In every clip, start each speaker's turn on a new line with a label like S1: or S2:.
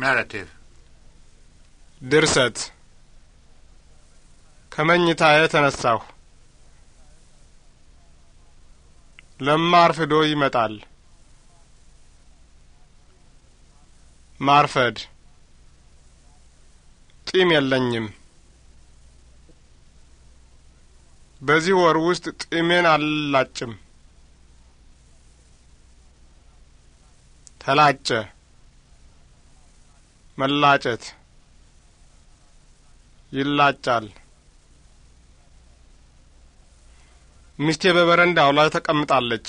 S1: ናራቲቭ ድርሰት ከመኝታዬ ተነሳሁ። ለማ አርፍዶ ይመጣል። ማርፈድ ጢም የለኝም። በዚህ ወር ውስጥ ጢሜን አልላጭም። ተላጨ መላጨት ይላጫል። ሚስቴ በበረንዳው ላይ ተቀምጣለች።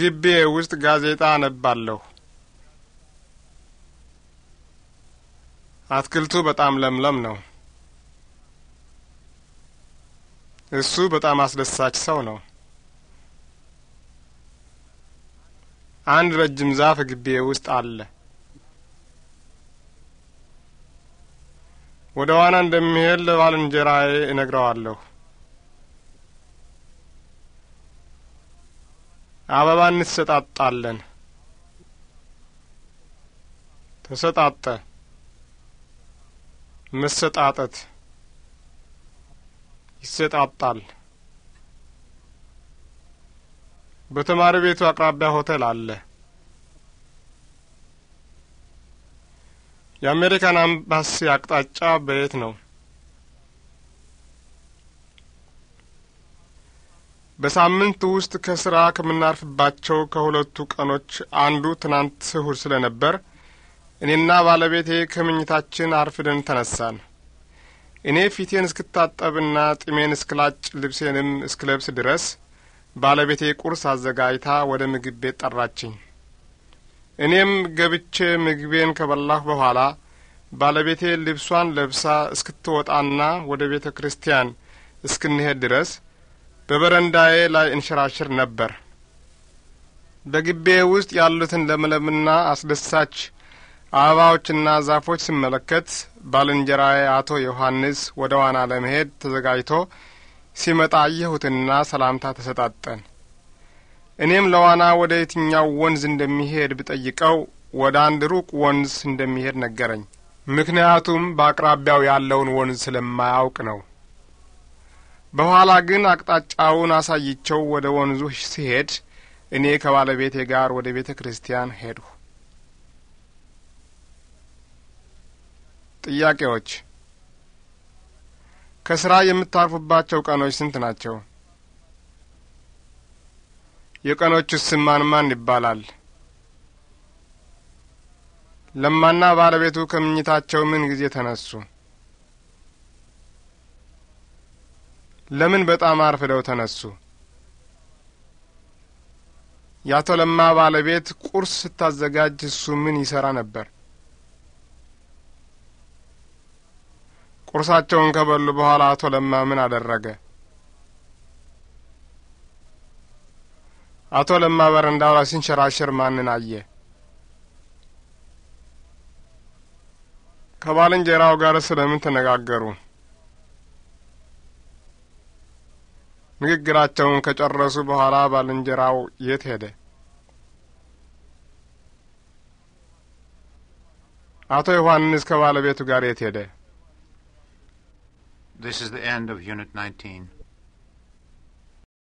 S1: ግቢዬ ውስጥ ጋዜጣ አነባለሁ። አትክልቱ በጣም ለምለም ነው። እሱ በጣም አስደሳች ሰው ነው። አንድ ረጅም ዛፍ ግቢ ውስጥ አለ። ወደ ዋና እንደሚሄድ ለባልንጀራዬ እነግረዋለሁ። አበባ እንሰጣጣለን። ተሰጣጠ፣ መሰጣጠት፣ ይሰጣጣል። በተማሪ ቤቱ አቅራቢያ ሆቴል አለ። የአሜሪካን አምባሲ አቅጣጫ በየት ነው? በሳምንት ውስጥ ከስራ ከምናርፍባቸው ከሁለቱ ቀኖች አንዱ ትናንት ስሁር ስለነበር እኔና ባለቤቴ ከምኝታችን አርፍደን ተነሳን። እኔ ፊቴን እስክታጠብና ጢሜን እስክላጭ ልብሴንም እስክለብስ ድረስ ባለቤቴ ቁርስ አዘጋጅታ ወደ ምግብ ቤት ጠራችኝ። እኔም ገብቼ ምግቤን ከበላሁ በኋላ ባለቤቴ ልብሷን ለብሳ እስክትወጣና ወደ ቤተ ክርስቲያን እስክንሄድ ድረስ በበረንዳዬ ላይ እንሸራሽር ነበር። በግቤ ውስጥ ያሉትን ለምለምና አስደሳች አበባዎችና ዛፎች ስመለከት ባልንጀራዬ አቶ ዮሐንስ ወደ ዋና ለመሄድ ተዘጋጅቶ ሲመጣ አየሁትና ሰላምታ ተሰጣጠን። እኔም ለዋና ወደ የትኛው ወንዝ እንደሚሄድ ብጠይቀው ወደ አንድ ሩቅ ወንዝ እንደሚሄድ ነገረኝ። ምክንያቱም በአቅራቢያው ያለውን ወንዝ ስለማያውቅ ነው። በኋላ ግን አቅጣጫውን አሳይቸው ወደ ወንዙ ሲሄድ እኔ ከባለቤቴ ጋር ወደ ቤተ ክርስቲያን ሄድሁ። ጥያቄዎች ከስራ የምታርፉባቸው ቀኖች ስንት ናቸው? የቀኖቹ ስም ማን ማን ይባላል? ለማና ባለቤቱ ከምኝታቸው ምን ጊዜ ተነሱ? ለምን በጣም አርፍደው ተነሱ? የአቶ ለማ ባለቤት ቁርስ ስታዘጋጅ እሱ ምን ይሰራ ነበር? ቁርሳቸውን ከበሉ በኋላ አቶ ለማ ምን አደረገ? አቶ ለማ በረንዳው ላይ ሲንሸራሸር ማንን አየ? ከባልንጀራው ጋር ስለምን ተነጋገሩ? ንግግራቸውን ከጨረሱ በኋላ ባልንጀራው የት ሄደ? አቶ ዮሐንስ ከባለቤቱ ጋር የት ሄደ? This is the end of Unit 19.